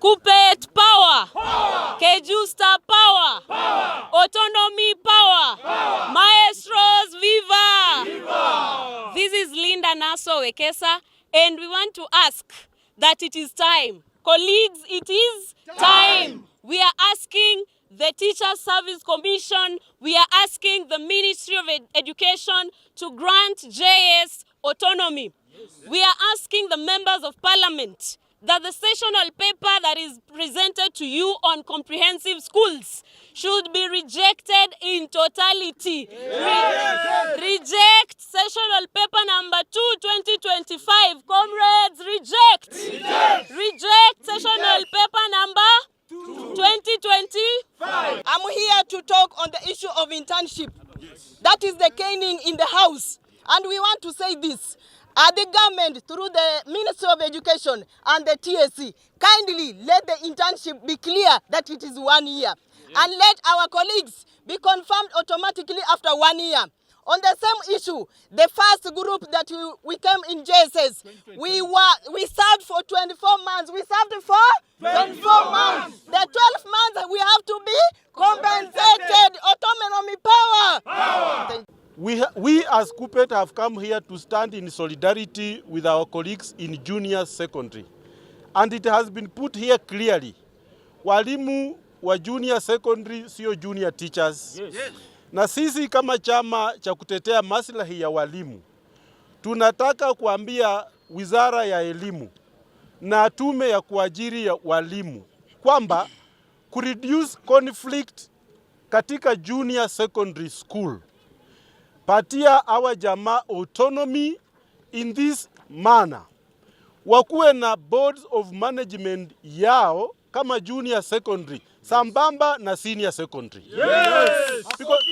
kupet power. power. Kejusta power. power. Autonomy power. power. Maestros viva. viva. This is Linda Naso Wekesa and we want to ask that it is time. Colleagues, it is time. time. We are asking the Teacher Service Commission, we are asking the Ministry of Ed Education to grant JS autonomy. Yes. We are asking the members of parliament that the sessional paper that is presented to you on comprehensive schools should be rejected in totality. Yes. Re reject sessional paper number 2 2025. Comrades, reject. Reject, reject, reject sessional reject. paper number 2025. I'm here to talk on the issue of internship. Yes. That is the caning in the house. And we want to say this. Uh, the government, through the Ministry of Education and the TSC, kindly let the internship be clear that it is one year. And let our colleagues be confirmed automatically after one year. On the same issue, the first group that we, we came in JSS, we were we served for 24 months. We served for 24 months. The 12 months we have to be We, we as KUPPET have come here to stand in solidarity with our colleagues in junior secondary. And it has been put here clearly. Walimu wa junior secondary sio junior teachers. Yes. Yes. Na sisi kama chama cha kutetea maslahi ya walimu tunataka kuambia Wizara ya Elimu na tume ya kuajiri ya walimu kwamba kureduce conflict katika junior secondary school patia awa jamaa autonomy in this manner, wakuwe na boards of management yao kama junior secondary sambamba na senior secondary. Yes. Because